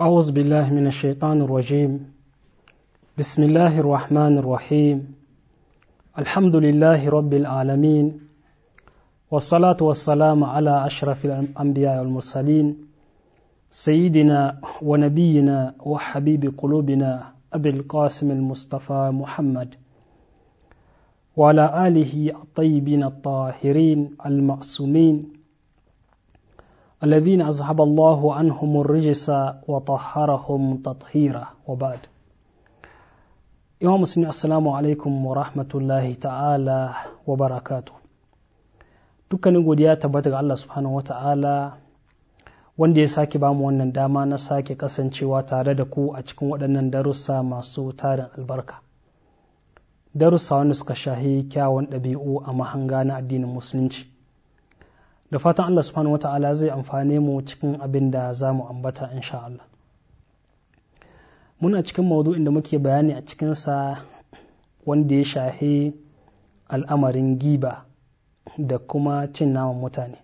أعوذ بالله من الشيطان الرجيم بسم الله الرحمن الرحيم الحمد لله رب العالمين والصلاة والسلام على أشرف الأنبياء والمرسلين سيدنا ونبينا وحبيب قلوبنا أبي القاسم المصطفى محمد وعلى آله الطيبين الطاهرين المعصومين الذين أصحب الله عنهم الرجس وطهرهم تطهيرا وبعد يوم مسلمين السلام عليكم ورحمة الله تعالى وبركاته dukkanin godiya tabbata ga Allah subhanahu ta'ala wanda ya sake bamu wannan dama na sake kasancewa tare da ku a cikin waɗannan darussa masu tarin albarka darussa wanda suka shahi kyawun ɗabi'u a mahanga na addinin musulunci da fatan Allah subhanahu wa ta'ala zai amfane mu cikin abin da za mu ambata insha Allah muna cikin maudu'in da muke bayani a cikinsa wanda ya shahi al'amarin giba da kuma cin naman mutane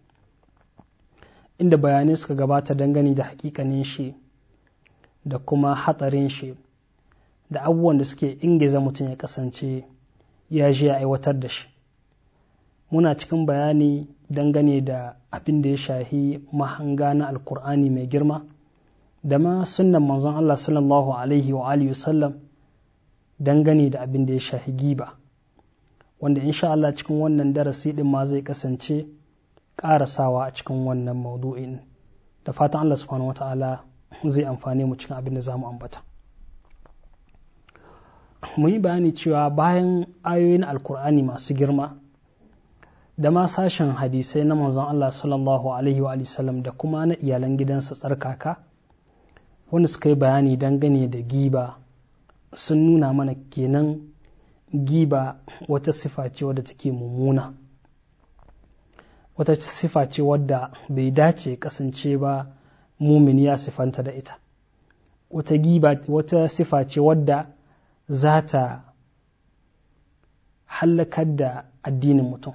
inda bayanai suka gabata dangane da hakikanin shi da kuma hatsarin shi da abubuwan da suke ingiza mutum ya kasance ya je ya aiwatar da shi muna cikin bayani dangane da abin da ya shahi mahanga na alkur'ani mai girma da ma sunan manzon Allah sallallahu alaihi wa alihi sallam dangane da abin da ya shahi giba wanda insha Allah cikin wannan darasi din ma zai kasance ƙarasawa a cikin wannan maudu'in da fatan Allah subhanahu wa ta'ala zai amfane mu cikin abin da za mu ambata mu yi bayani cewa bayan ayoyin alkur'ani masu girma da ma sashen hadisai na manzon Allah sallallahu alaihi wa sallam da kuma na iyalan gidansa tsarkaka wanda suka yi bayani dangane da giba sun nuna mana kenan giba wata sifa ce wadda take mummuna wata sifa ce wadda bai dace kasance ba mumini ya sifanta da ita wata giba wata sifa ce wadda za ta hallakar da addinin mutum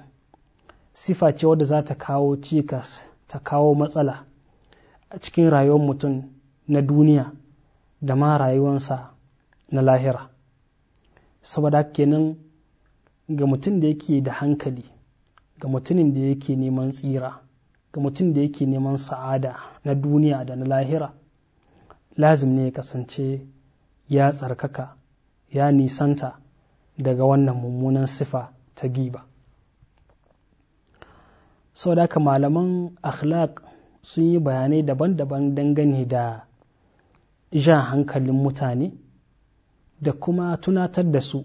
sifa ce wadda za ta kawo cikas ta kawo matsala a cikin rayuwar mutum na duniya da ma rayuwarsa na lahira saboda kenan ga mutum da yake da hankali ga mutumin da yake neman tsira ga mutum da yake neman sa'ada na duniya da na lahira lazim ne ya kasance ya tsarkaka ya nisanta daga wannan mummunan sifa ta giba Sau da haka malaman akhlaq sun yi bayanai daban-daban dangane da jan hankalin mutane da kuma tunatar da su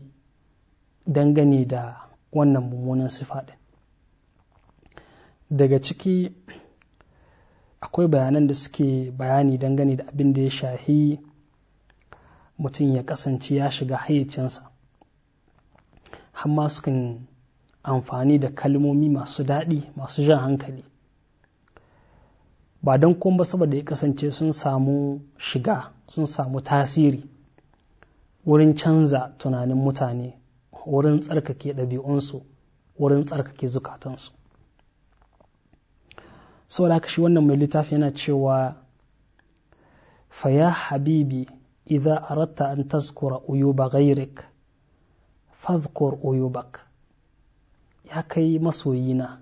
dangane da wannan mummunan sifa daga ciki akwai bayanan da suke bayani dangane da abin da ya shahi mutum ya kasance ya shiga hayyacinsa amma sukan amfani da kalmomi masu daɗi masu jan hankali ba don kuma saboda ya kasance sun samu shiga sun samu tasiri wurin canza tunanin mutane wurin tsarkake ɗabi'unsu wurin tsarkake zukatansu saboda haka shi wannan mai littafi yana cewa fa habibi idza aratta an tazkura uyuba ghairik fadhkur uyubak ya kai masoyina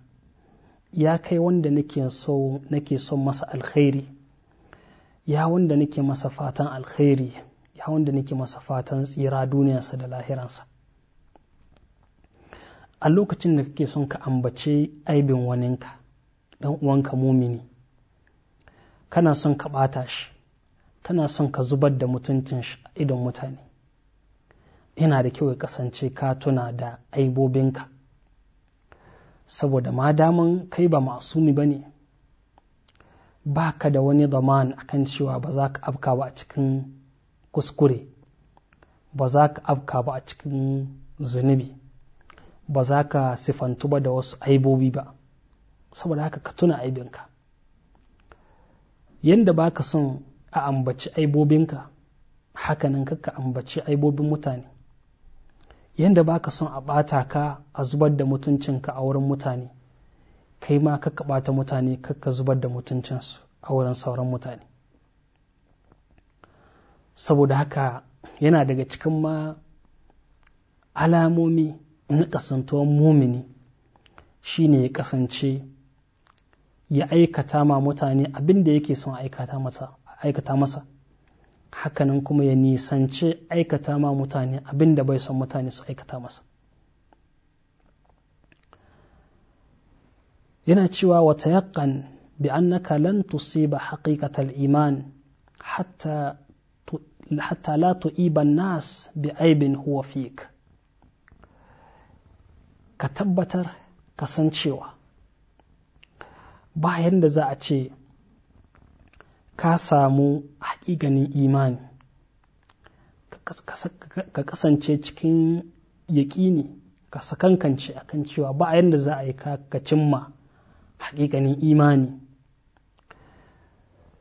ya kai wanda nake son masa alkhairi ya wanda nake masa fatan alkhairi ya wanda nake masa fatan tsira duniyarsa da lahiransa a lokacin da kake son ka ambace aibin waninka dan uwanka mumini kana son ka bata shi kana son ka zubar da mutuncin shi a idon mutane yana da kyau ya kasance ka tuna da aibobinka saboda ma daman kai ba masumi ba ne ba ka da wani zaman a kan cewa ba za ka afka ba a cikin kuskure ba za ka afka ba a cikin zunubi ba za ka sifantu ba da wasu aibobi ba saboda haka ka tuna aibinka yadda ba ka son a ambaci aibobinka hakanan ka ambaci aibobin mutane yadda ba ka son a ɓata ka a zubar da mutuncinka a wurin mutane kai ma kakka ɓata mutane kakka zubar da mutuncinsu a wurin sauran mutane saboda haka yana daga cikin ma alamomi na kasantuwar mumini shine ya kasance ya aikata ma mutane abin da yake son aikata masa hakanan kuma ya nisance aikata ma mutane abin da bai son mutane su aikata masa yana cewa wata yakan bi annaka lan tusiba haqiqatal iman hatta hatta la tu'iba nas bi aibin huwa fik ka tabbatar kasancewa ba da za a ce ka samu haƙiƙanin imani ka kasance cikin yaƙini ka sakankance kan cewa ba a yadda za a yi ka cimma haƙiƙanin imani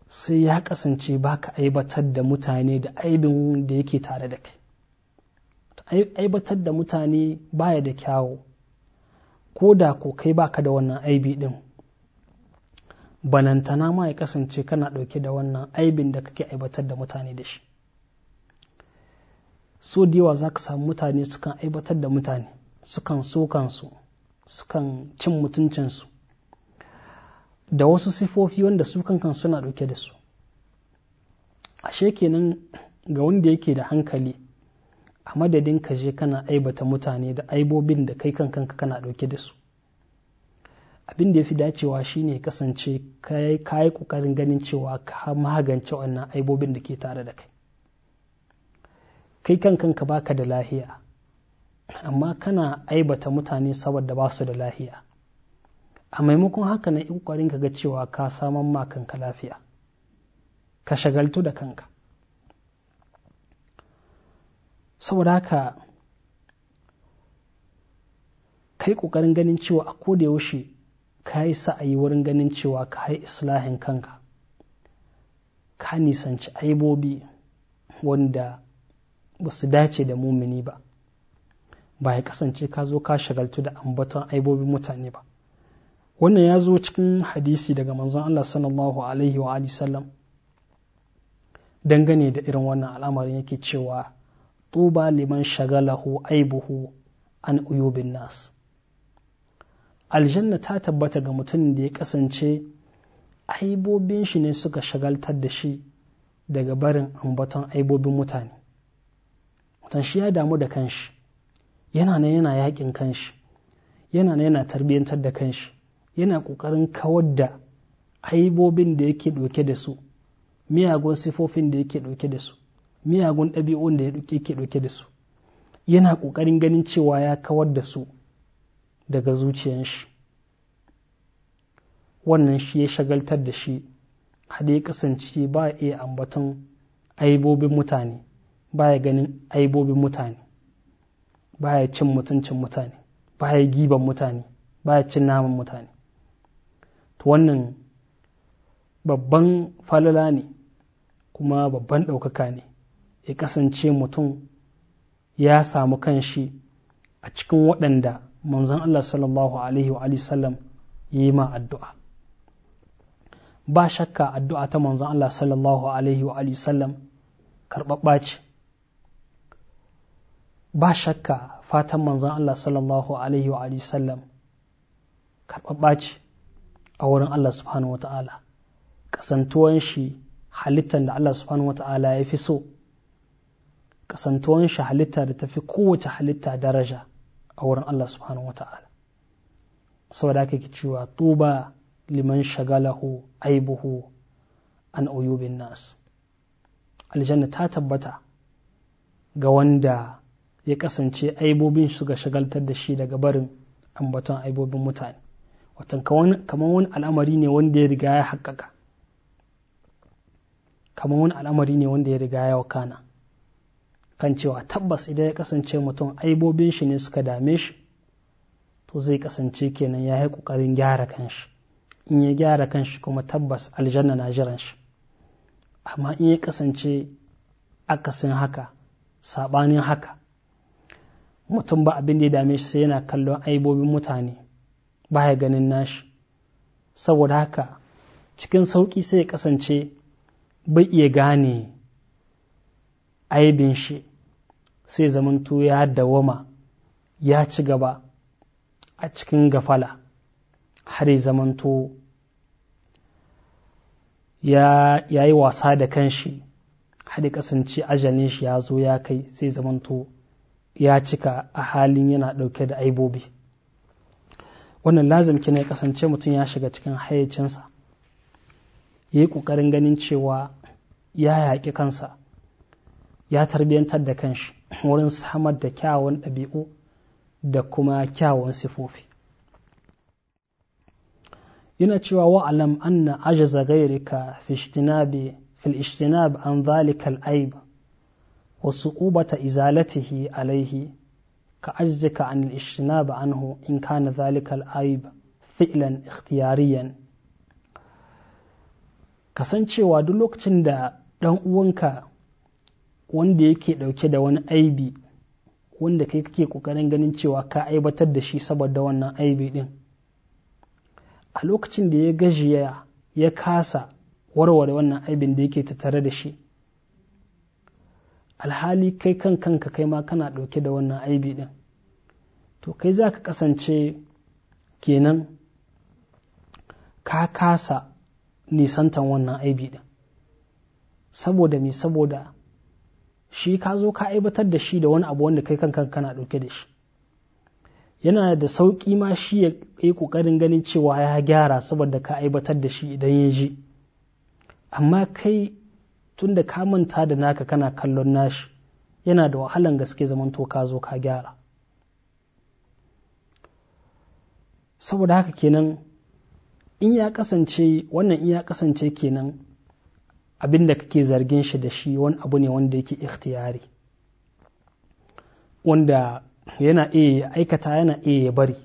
sai ya kasance ba ka aibatar da mutane da aibin da yake tare da kai aibatar da mutane baya da kyawu ko da ko kai baka da wannan aibi din banantana ma ya kasance kana ɗauke da wannan aibin da kake aibatar da mutane da shi so da za ka samu mutane sukan aibatar da mutane sukan sokansu sukan cin mutuncinsu da wasu sifofi wanda su kankan suna ɗauke da su ashe kenan ga wanda yake da hankali a madadin ka je kana aibata mutane da aibobin da kai kankan kana ɗauke da su abin da ya fi dacewa shine kasance ka yi ƙoƙarin ganin cewa ka magance wannan aibobin da ke tare da kai kai kan kanka baka da lahiya amma kana aibata mutane saboda ba su da lahiya a maimakon haka na ƙoƙarin ka ga cewa ka saman ma kanka lafiya ka shagaltu da kanka saboda haka kai ƙoƙarin ganin cewa a koda yaushe ka yi sa'ayi wurin ganin cewa ka yi islahin kanka ka nisanci aibobi wanda ba su dace da mumini ba ba ya kasance ka zo ka shagaltu da ambaton aibobin mutane ba wannan ya zo cikin hadisi daga manzon Allah sallallahu alaihi wa sallam dangane da irin wannan al'amarin yake cewa tuba liman shagalahu aibuhu an uyubin nas aljanna ta tabbata ga mutumin da ya kasance aibobin shi ne suka shagaltar da shi daga barin ambaton aibobin mutane mutum shi ya damu da kanshi yana nan yana yakin kanshi yana nan yana tarbiyyantar da kanshi yana kokarin kawar da aibobin da yake ɗauke da su miyagun sifofin da yake ɗauke da su miyagun ɗabi'un da yake ɗauke da su yana ƙoƙarin ganin cewa ya kawar da su daga zuciyan shi wannan shi ya shagaltar da shi har ya kasance ba ya iya ambaton aibobin mutane ba ya ganin aibobin mutane ba ya cin mutuncin mutane ba ya giban mutane ba ya cin naman mutane to wannan babban falala ne kuma babban ɗaukaka ne ya kasance mutum ya samu kanshi a cikin waɗanda manzon Allah sallallahu alaihi wa sallam ya yi ma addu'a ba shakka addu'a ta manzon Allah sallallahu alaihi wa sallam karɓaɓɓa ce ba shakka fatan manzon Allah sallallahu alaihi wa sallam karɓaɓɓa ce a wurin Allah subhanahu wa ta'ala kasantuwan shi halittar da Allah subhanahu wa ta'ala ya fi so kasantuwan shi halitta da ta fi kowace halitta daraja a wurin Allah subhanahu wa ta'ala saboda kake cewa tuba liman shagalahu aibuhu an uyubin nas aljanna ta tabbata ga wanda ya kasance aibobin su shagaltar da shi daga barin ambaton aibobin mutane watan kamar wani al'amari ne wanda ya riga ya haƙaƙa, kamar wani al'amari ne wanda ya riga ya wakana kan cewa tabbas idan ya kasance mutum aibobin shi ne suka dame shi to zai kasance kenan ya yi ƙoƙarin gyara kanshi in ya gyara kanshi kuma tabbas aljanna na jiran shi amma in ya kasance akasin haka saɓanin haka mutum ba abin da ya dame shi sai yana kallon aibobin mutane ba ya ganin nashi saboda haka cikin sauƙi sai ya kasance bai iya gane aibin shi sai zamantu ya dawama ya ci gaba a cikin gafala har zamanto ya yi wasa da kanshi har kasance ajalin shi ya zo ya kai sai zamanto ya cika a halin yana ɗauke da aibobi wannan lazim kina ya kasance mutum ya shiga cikin hayyacinsa ya yi ƙoƙarin ganin cewa ya yaƙi kansa ya tarbiyantar da kanshi wurin samar da kyawun ɗabi'u da kuma kyawun sifofi yana cewa wa'alam anna ajaza ghayrika fi ijtinabi fil ijtinab an zalikal al-aib wa su'ubata izalatihi alaihi ka ka an al anhu in kana dhalika al-aib Ka ikhtiyariyan kasancewa duk lokacin da ɗan uwanka wanda yake ɗauke da wani aibi wanda kai kake ƙoƙarin ganin cewa ka aibatar da shi saboda wannan aibi din, a lokacin da ya gajiya ya kasa warware wannan aibin da yake tattare da shi alhali kai kan kanka kai ma kana ɗauke da wannan aibi din, to kai za ka kasance kenan ka kasa nisantan wannan aibi din, saboda me saboda shi ka zo ka aibatar da shi da wani abu wanda kai kanka kana ɗauke da shi yana da sauƙi ma shi ya yi ƙoƙarin ganin cewa ya gyara saboda ka aibatar da shi idan ya ji amma kai tun da ka manta da naka kana kallon nashi yana da wahalan gaske zamanto ka zo ka gyara saboda haka kenan in ya kasance wannan in ya kasance kenan abin da kake zargin shi da shi wani abu ne wanda yake ikhtiyari wanda yana iya ya aikata yana iya ya bari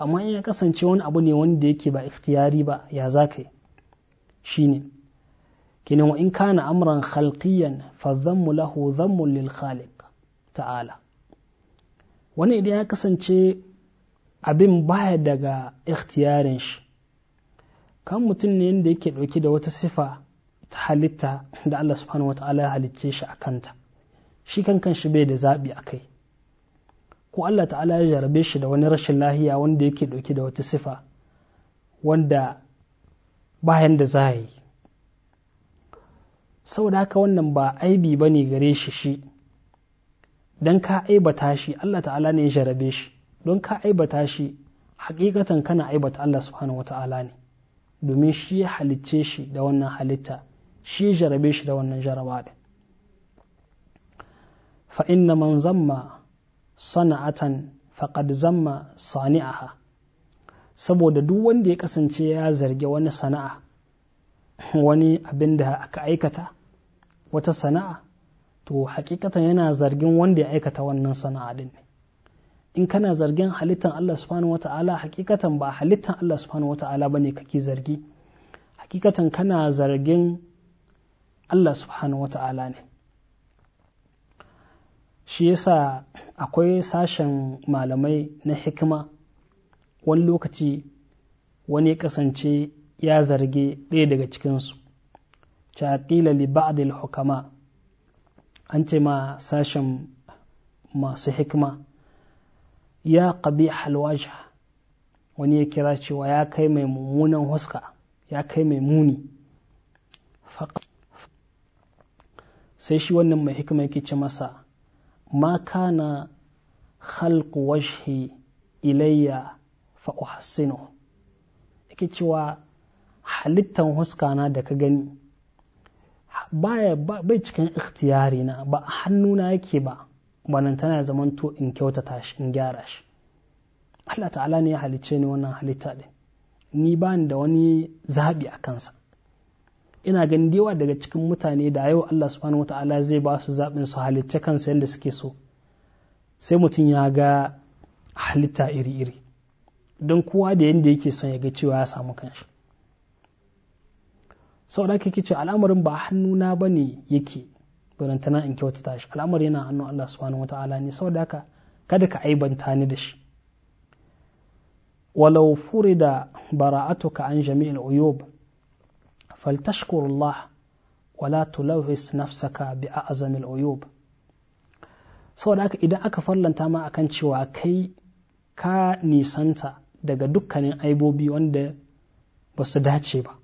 amma ya kasance wani abu ne wanda yake ba ikhtiyari ba ya za ka yi shi ne kinan wa in kana amuran khalqiyan fa mu lahu dhammu lil khaliq ta'ala wani idan ya kasance abin baya daga ikhtiyarin shi kan mutum ne yadda yake ɗauki da wata sifa ta halitta da Allah subhanahu wata'ala ya halicce shi a kanta shi kan shi bai da zaɓi a kai ko Allah ta'ala ya jarabe shi da wani rashin lahiya wanda yake ɗauki da wata sifa wanda bayan da za yi saboda haka wannan ba aibi ba ne gare shi shi don ka aibata shi Allah ta'ala ne ya jarabe shi don ka aibata shi hakikatan kana aibata Allah subhanahu wata'ala ne domin shi ya halicce shi da wannan halitta shi ya jarabe shi da wannan jaraba ɗin fa'inna na man zamma sana'atan faƙad zamma sani'aha saboda duk wanda ya kasance ya zarge wani sana'a wani abin da aka aikata wata sana'a to hakikatan yana zargin wanda ya aikata wannan sana'a ɗin ne in kana zargin halittan Allah subhanahu wata'ala hakikatan ba halittan Allah subhanahu wata'ala bane kake zargi hakikatan kana zargin Allah subhanahu wata'ala ne shi yasa akwai sashen malamai na hikima wani lokaci wani kasance ya zarge ɗaya daga cikinsu caƙila li ba'dil hukama an ce ma sashen masu hikima ya qabihal wajh wani ya kira cewa ya kai mai mummunan huska ya kai mai muni sai shi wannan mai hikima yake ce masa ma kana halku washe ilayya fa uhassinu yake cewa halittan huskana da ka gani baya bai cikin ikhtiyari na ba hannuna yake ba tana zaman zamanto in kyautata shi in gyara shi Allah ta'ala ne ya halicce ni wannan halitta ɗin ni ba ni da wani zaɓi a kansa ina ganin yawa daga cikin mutane da yau Allah subhanahu wata'ala zai ba su zaɓin su halicce kansa yadda suke so sai mutum ya ga halitta iri-iri don kowa da yadda yake son ya ga cewa ya samu kanshi sau da kake ce al'amarin ba hannuna ba ne yake tana in kyautata shi al'amari yana hannun Allah subhanahu wata'ala ne saboda haka kada ka aibanta ni da shi walau da bara'atuka an jami'il uyub faltashkur Allah wala tulawhis nafsaka bi a a'zamil uyub saboda haka idan aka farlanta ma akan cewa kai ka nisanta daga dukkanin aibobi wanda ba su dace ba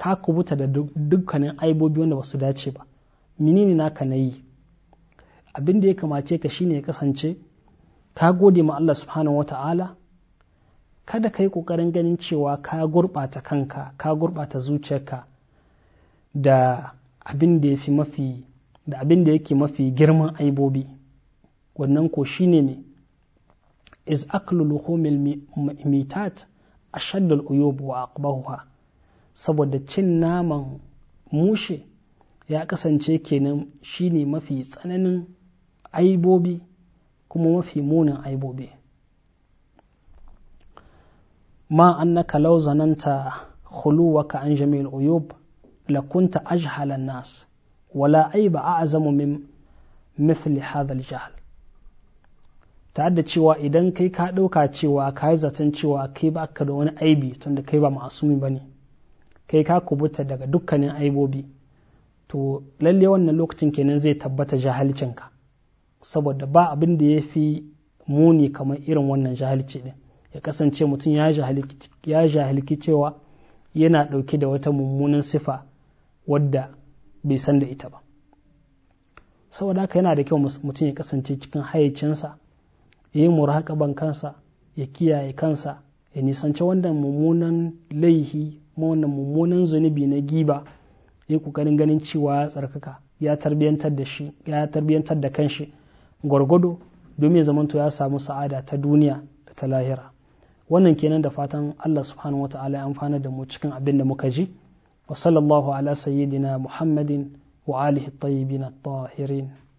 ka kubuta da dukkanin aibobi wanda ba su dace ba menene naka na yi abin da ya kamace ka shine ya kasance ka gode ma Allah subhanahu wata'ala kada ka yi ƙoƙarin ganin cewa ka gurɓata kanka ka gurɓata zuciyarka da abin da ya mafi da abin da yake mafi girman aibobi wannan ko shine ne iz aklu luhumil mitat ashaddul uyub wa aqbahuha saboda cin naman mushe ya kasance kenan shine mafi tsananin aibobi kuma mafi munin aibobi ma annaka law zananta khuluwaka an jami'il uyub lakunta ajhala nas wala aiba a'zamu min mithli hadha al ta tare da cewa idan kai ka ɗauka cewa ka yi zaton cewa kai ba ka da wani aibi tunda kai ba mu ba ne kai ka kubuta daga dukkanin aibobi to lalle wannan lokacin kenan zai tabbata jahalcinka saboda ba abin da ya fi muni kamar irin wannan jahalci din ya kasance mutum ya jahalki cewa yana ɗauke da wata mummunan sifa wadda bai san da ita ba saboda haka yana da kyau mutum ya kasance cikin hayyacinsa ya yi murakaban kansa ya kiyaye kansa ya nisanci wannan mummunan laihi wannan mummunan zunubi na giba ya kokarin ganin cewa ya tsarkaka ya tarbiyantar da shi ya tarbiyantar da kanshi gwargwado domin zaman zamanto ya samu sa'ada ta duniya da ta lahira wannan kenan da fatan Allah subhanahu wataala ya amfana da mu cikin abin da muka ji wa sallallahu ala sayyidina muhammadin wa alihi tayyibin at-tahirin